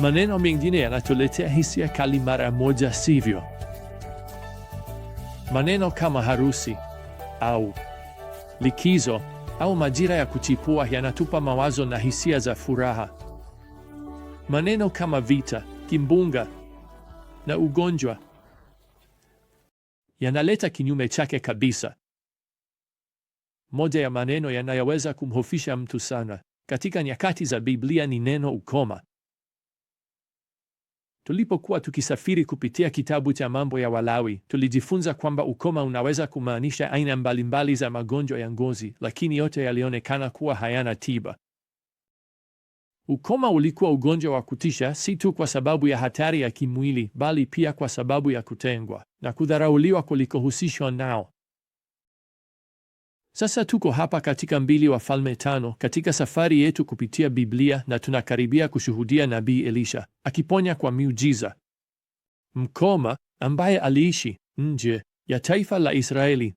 Maneno mengine yanatuletea hisia kali mara moja, sivyo? Maneno kama harusi au likizo au majira ya kuchipua yanatupa mawazo na hisia za furaha. Maneno kama vita, kimbunga na ugonjwa yanaleta kinyume chake kabisa. Moja ya maneno yanayoweza kumhofisha mtu sana katika nyakati za Biblia ni neno ukoma. Tulipokuwa tukisafiri kupitia kitabu cha mambo ya Walawi, tulijifunza kwamba ukoma unaweza kumaanisha aina mbalimbali za magonjwa ya ngozi, lakini yote yalionekana kuwa hayana tiba. Ukoma ulikuwa ugonjwa wa kutisha, si tu kwa sababu ya hatari ya kimwili, bali pia kwa sababu ya kutengwa na kudharauliwa kulikohusishwa nao. Sasa tuko hapa katika mbili Wafalme tano katika safari yetu kupitia Biblia na tunakaribia kushuhudia nabii Elisha akiponya kwa miujiza mkoma ambaye aliishi nje ya taifa la Israeli.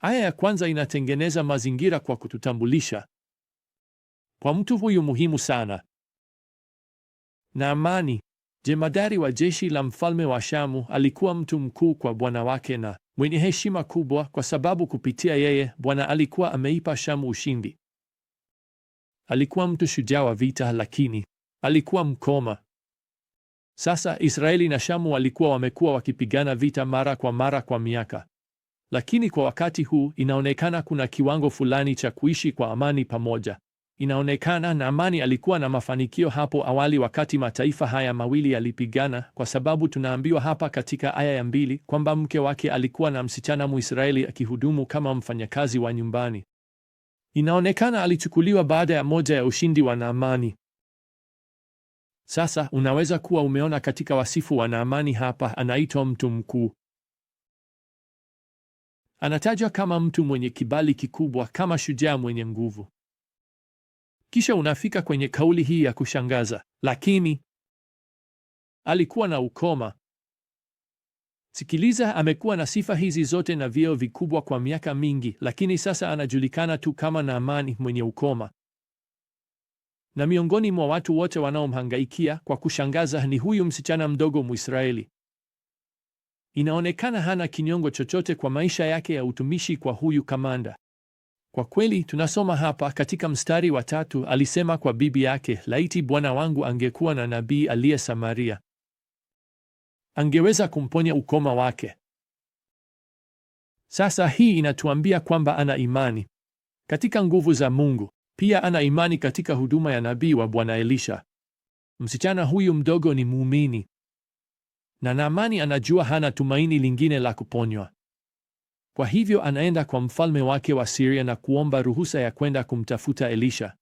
Aya ya kwanza inatengeneza mazingira kwa kututambulisha kwa mtu huyu muhimu sana. Naamani Jemadari wa jeshi la mfalme wa Shamu alikuwa mtu mkuu kwa bwana wake na mwenye heshima kubwa, kwa sababu kupitia yeye Bwana alikuwa ameipa Shamu ushindi. Alikuwa mtu shujaa wa vita, lakini alikuwa mkoma. Sasa Israeli na Shamu walikuwa wamekuwa wakipigana vita mara kwa mara kwa miaka, lakini kwa wakati huu inaonekana kuna kiwango fulani cha kuishi kwa amani pamoja. Inaonekana Naamani alikuwa na mafanikio hapo awali wakati mataifa haya mawili yalipigana, kwa sababu tunaambiwa hapa katika aya ya mbili kwamba mke wake alikuwa na msichana Mwisraeli akihudumu kama mfanyakazi wa nyumbani. Inaonekana alichukuliwa baada ya moja ya ushindi wa Naamani. Sasa unaweza kuwa umeona katika wasifu wa Naamani hapa, anaitwa mtu mkuu, anatajwa kama mtu mwenye kibali kikubwa, kama shujaa mwenye nguvu. Kisha unafika kwenye kauli hii ya kushangaza, lakini alikuwa na ukoma. Sikiliza, amekuwa na sifa hizi zote na vyeo vikubwa kwa miaka mingi, lakini sasa anajulikana tu kama Naamani mwenye ukoma. Na miongoni mwa watu wote wanaomhangaikia, kwa kushangaza, ni huyu msichana mdogo Mwisraeli. Inaonekana hana kinyongo chochote kwa maisha yake ya utumishi kwa huyu kamanda. Kwa kweli tunasoma hapa katika mstari wa tatu, alisema kwa bibi yake, laiti bwana wangu angekuwa na nabii aliye Samaria, angeweza kumponya ukoma wake. Sasa hii inatuambia kwamba ana imani katika nguvu za Mungu, pia ana imani katika huduma ya nabii wa Bwana Elisha. Msichana huyu mdogo ni muumini na Naamani anajua hana tumaini lingine la kuponywa. Kwa hivyo anaenda kwa mfalme wake wa Siria na kuomba ruhusa ya kwenda kumtafuta Elisha.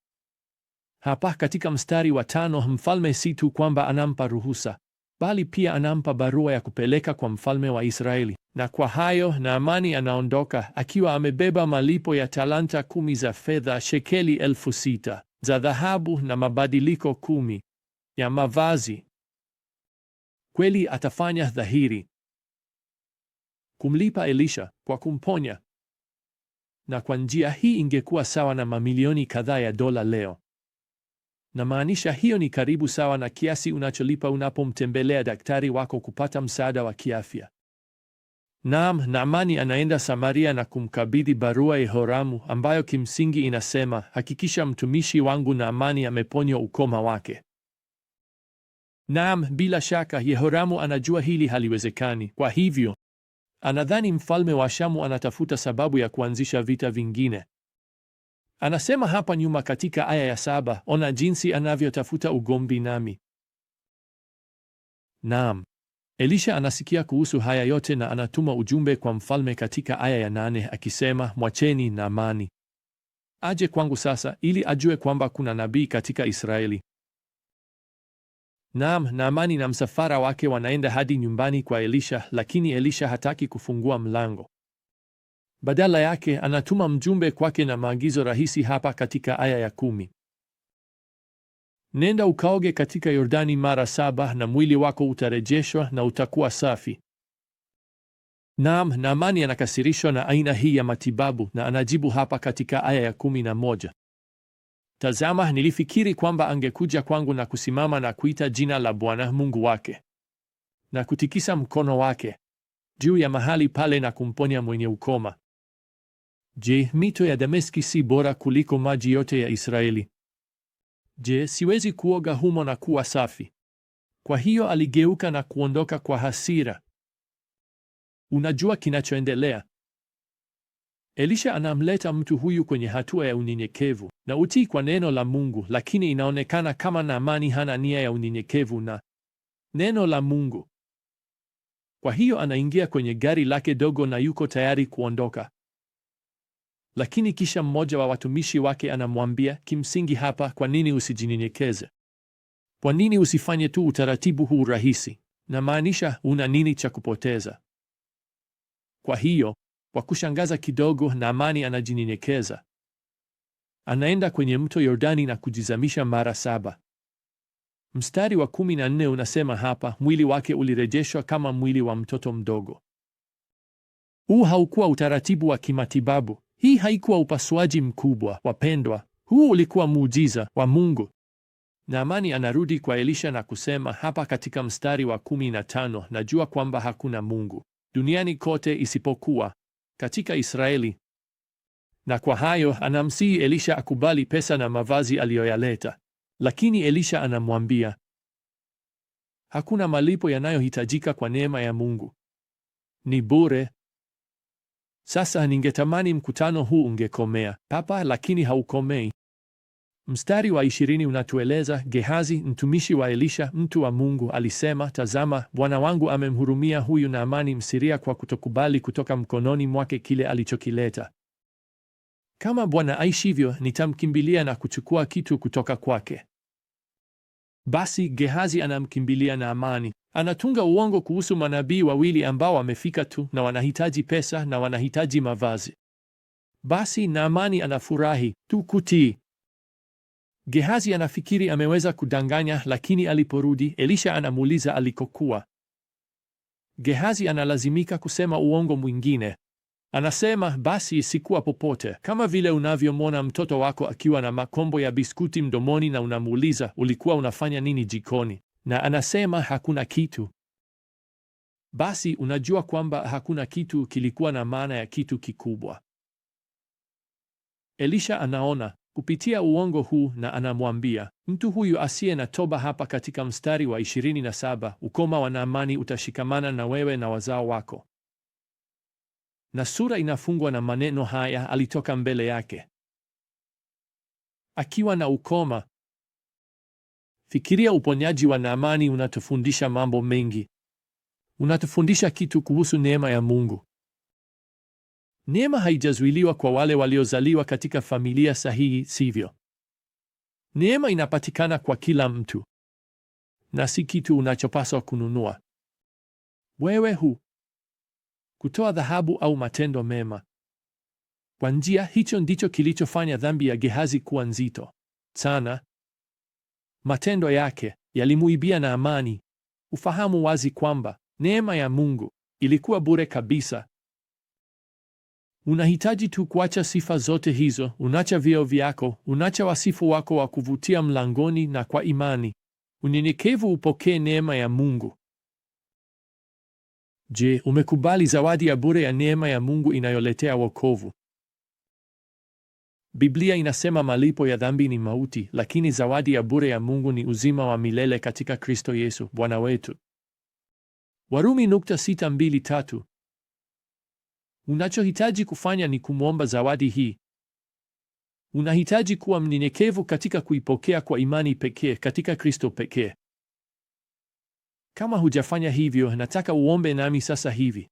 Hapa katika mstari wa tano, mfalme si tu kwamba anampa ruhusa, bali pia anampa barua ya kupeleka kwa mfalme wa Israeli, na kwa hayo Naamani anaondoka akiwa amebeba malipo ya talanta kumi za fedha, shekeli elfu sita za dhahabu na mabadiliko kumi ya mavazi. Kweli atafanya dhahiri kumlipa Elisha kwa kumponya, na kwa njia hii ingekuwa sawa na mamilioni kadhaa ya dola leo. Namaanisha hiyo ni karibu sawa na kiasi unacholipa unapomtembelea daktari wako kupata msaada wa kiafya. Naam, Naamani anaenda Samaria na kumkabidhi barua Yehoramu ambayo kimsingi inasema, hakikisha mtumishi wangu Naamani ameponywa ukoma wake. Naam, bila shaka Yehoramu anajua hili haliwezekani. Kwa hivyo Anadhani mfalme wa Shamu anatafuta sababu ya kuanzisha vita vingine. Anasema hapa nyuma katika aya ya saba, ona jinsi anavyotafuta ugomvi nami. Naam, Elisha anasikia kuhusu haya yote na anatuma ujumbe kwa mfalme katika aya ya nane akisema, mwacheni Naamani aje kwangu sasa, ili ajue kwamba kuna nabii katika Israeli Naam, Naamani na msafara wake wanaenda hadi nyumbani kwa Elisha, lakini Elisha hataki kufungua mlango. Badala yake anatuma mjumbe kwake na maagizo rahisi hapa katika aya ya kumi: nenda ukaoge katika Yordani mara saba na mwili wako utarejeshwa na utakuwa safi. Naam, Naamani anakasirishwa na aina hii ya matibabu na anajibu hapa katika aya ya kumi na moja. Tazama, nilifikiri kwamba angekuja kwangu na kusimama na kuita jina la Bwana Mungu wake na kutikisa mkono wake juu ya mahali pale na kumponya mwenye ukoma. Je, mito ya Dameski si bora kuliko maji yote ya Israeli? Je, siwezi kuoga humo na kuwa safi? Kwa hiyo aligeuka na kuondoka kwa hasira. Unajua kinachoendelea? Elisha anamleta mtu huyu kwenye hatua ya unyenyekevu na utii kwa neno la Mungu, lakini inaonekana kama Naamani hana nia ya unyenyekevu na neno la Mungu. Kwa hiyo anaingia kwenye gari lake dogo na yuko tayari kuondoka, lakini kisha mmoja wa watumishi wake anamwambia, kimsingi hapa, kwa nini usijinyenyekeze? Kwa nini usifanye tu utaratibu huu rahisi? Namaanisha, una nini cha kupoteza? Kwa hiyo kwa kushangaza kidogo, Naamani anajinyenyekeza, anaenda kwenye mto Yordani na kujizamisha mara saba. Mstari wa kumi na nne unasema hapa, mwili wake ulirejeshwa kama mwili wa mtoto mdogo. Huu haukuwa utaratibu wa kimatibabu, hii haikuwa upasuaji mkubwa, wapendwa, huu ulikuwa muujiza wa Mungu. Naamani anarudi kwa Elisha na kusema hapa katika mstari wa kumi na tano, najua kwamba hakuna Mungu duniani kote isipokuwa katika Israeli. Na kwa hayo anamsihi Elisha akubali pesa na mavazi aliyoyaleta, lakini Elisha anamwambia hakuna malipo yanayohitajika kwa neema ya Mungu, ni bure. Sasa ningetamani mkutano huu ungekomea papa lakini haukomei. Mstari wa ishirini unatueleza Gehazi, mtumishi wa Elisha, mtu wa Mungu, alisema, tazama, bwana wangu amemhurumia huyu Naamani Msiria kwa kutokubali kutoka mkononi mwake kile alichokileta. Kama Bwana aishivyo, nitamkimbilia na kuchukua kitu kutoka kwake. Basi Gehazi anamkimbilia Naamani. Anatunga uongo kuhusu manabii wawili ambao wamefika tu na wanahitaji pesa na wanahitaji mavazi. Basi Naamani anafurahi tu kutii. Gehazi anafikiri ameweza kudanganya, lakini aliporudi Elisha anamuuliza alikokuwa. Gehazi analazimika kusema uongo mwingine. Anasema, basi sikuwa popote, kama vile unavyomwona mtoto wako akiwa na makombo ya biskuti mdomoni na unamuuliza ulikuwa unafanya nini jikoni, na anasema hakuna kitu. Basi unajua kwamba hakuna kitu kilikuwa na maana ya kitu kikubwa. Elisha anaona kupitia uongo huu, na anamwambia mtu huyu asiye na toba hapa katika mstari wa 27, ukoma wa Naamani utashikamana na wewe na wazao wako. Na sura inafungwa na maneno haya, alitoka mbele yake akiwa na ukoma. Fikiria, uponyaji wa Naamani unatufundisha mambo mengi. Unatufundisha kitu kuhusu neema ya Mungu. Neema haijazuiliwa kwa wale waliozaliwa katika familia sahihi, sivyo? Neema inapatikana kwa kila mtu na si kitu unachopaswa kununua wewe hu kutoa dhahabu au matendo mema kwa njia. Hicho ndicho kilichofanya dhambi ya Gehazi kuwa nzito sana. Matendo yake yalimuibia na amani ufahamu wazi kwamba neema ya Mungu ilikuwa bure kabisa Unahitaji tu kuacha sifa zote hizo, unaacha vyeo vyako, unaacha wasifu wako wa kuvutia mlangoni, na kwa imani unyenyekevu upokee neema ya Mungu. Je, umekubali zawadi ya bure ya neema ya Mungu inayoletea wokovu? Biblia inasema malipo ya dhambi ni mauti, lakini zawadi ya bure ya Mungu ni uzima wa milele katika Kristo Yesu Bwana wetu. Warumi nukta sita mbili tatu. Unachohitaji kufanya ni kumwomba zawadi hii. Unahitaji kuwa mnyenyekevu katika kuipokea kwa imani pekee katika Kristo pekee. Kama hujafanya hivyo, nataka uombe nami sasa hivi.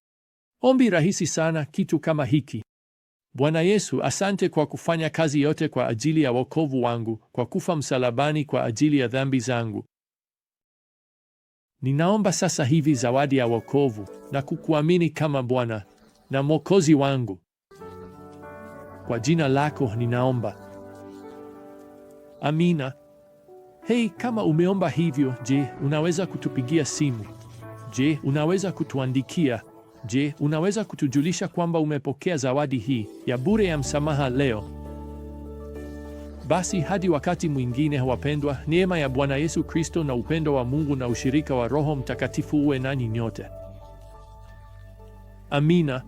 Ombi rahisi sana, kitu kama hiki: Bwana Yesu, asante kwa kufanya kazi yote kwa ajili ya wokovu wangu, kwa kufa msalabani kwa ajili ya dhambi zangu. Ninaomba sasa hivi zawadi ya wokovu na kukuamini kama Bwana na Mwokozi wangu. Kwa jina lako ninaomba, amina. Hei, kama umeomba hivyo, je, unaweza kutupigia simu? Je, unaweza kutuandikia? Je, unaweza kutujulisha kwamba umepokea zawadi hii ya bure ya msamaha leo? Basi hadi wakati mwingine, wapendwa, neema ya Bwana Yesu Kristo na upendo wa Mungu na ushirika wa Roho Mtakatifu uwe nanyi nyote. Amina.